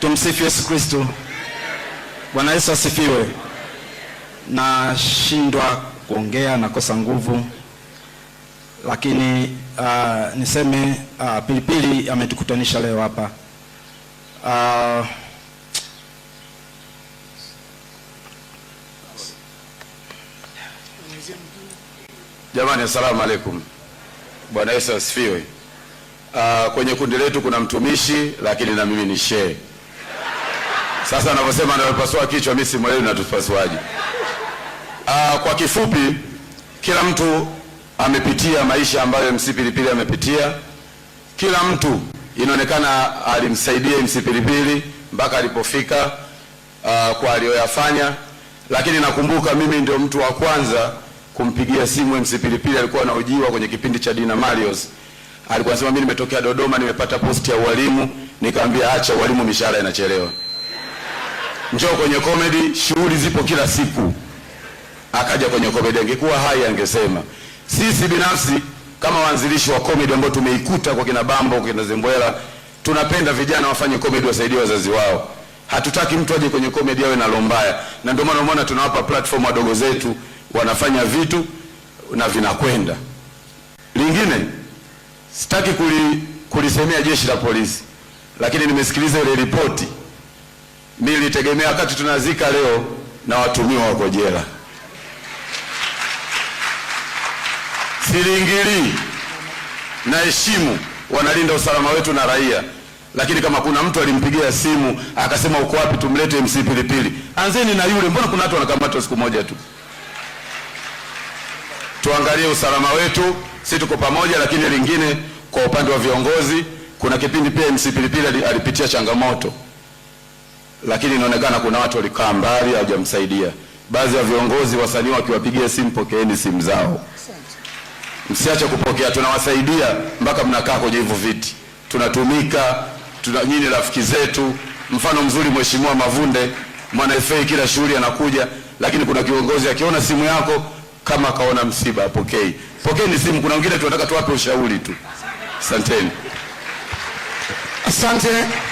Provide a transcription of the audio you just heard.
Tumsifu Yesu Kristo. Bwana Yesu asifiwe. Nashindwa kuongea, nakosa nguvu, lakini uh, niseme uh, Pilipili ametukutanisha leo hapa uh, jamani, assalamu alaikum. Bwana Yesu asifiwe uh, kwenye kundi letu kuna mtumishi lakini na mimi ni shehe. Sasa anavyosema anapasua kichwa, mimi simwelewi natupasuaje. Uh, ah, kwa kifupi, kila mtu amepitia maisha ambayo MC Pilipili amepitia. Kila mtu inaonekana alimsaidia MC Pilipili mpaka alipofika uh, kwa aliyoyafanya, lakini nakumbuka mimi ndio mtu wa kwanza kumpigia simu MC Pilipili, alikuwa anaojiwa kwenye kipindi cha Dina Marios alikuwa anasema mimi nimetokea Dodoma, nimepata posti ya walimu. nikamwambia acha walimu, mishahara inachelewa, njoo kwenye comedy, shughuli zipo kila siku. Akaja kwenye comedy, angekuwa hai angesema sisi binafsi kama waanzilishi wa comedy ambao tumeikuta kwa kina Bambo, kwa kina Zembwela, tunapenda vijana wafanye comedy, wasaidie wazazi wao. Hatutaki mtu aje kwenye comedy awe na lombaya, na ndio maana umeona tunawapa platform wadogo zetu, wanafanya vitu na vinakwenda lingine sitaki kuli, kulisemea jeshi la polisi, lakini nimesikiliza ile ripoti. Nilitegemea wakati tunazika leo na watumiwa wako jela. na heshimu wanalinda usalama wetu na raia, lakini kama kuna mtu alimpigia simu akasema uko wapi, tumlete MC Pilipili, anzeni na yule. Mbona kuna watu wanakamatwa siku moja tu? tuangalie usalama wetu, si tuko pamoja. Lakini lingine kwa upande wa viongozi, kuna kipindi pia MC Pilipili alipitia changamoto, lakini inaonekana kuna watu walikaa mbali, hawajamsaidia. Baadhi ya viongozi, wasanii wakiwapigia simu, pokeeni simu zao, msiache kupokea. Tunawasaidia mpaka mnakaa kwenye hivyo viti, tunatumika tuna, nyinyi rafiki zetu. Mfano mzuri Mheshimiwa Mavunde, mwana FA, kila shughuli anakuja, lakini kuna kiongozi akiona simu yako kama akaona msiba apokei. ni simu, kuna wengine tunataka tuwape ushauri tu. Asanteni, asante.